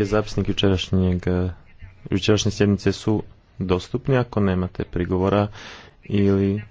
Zapisnik jučerašnjeg, jučerašnje sjednice su dostupni ako nemate prigovora ili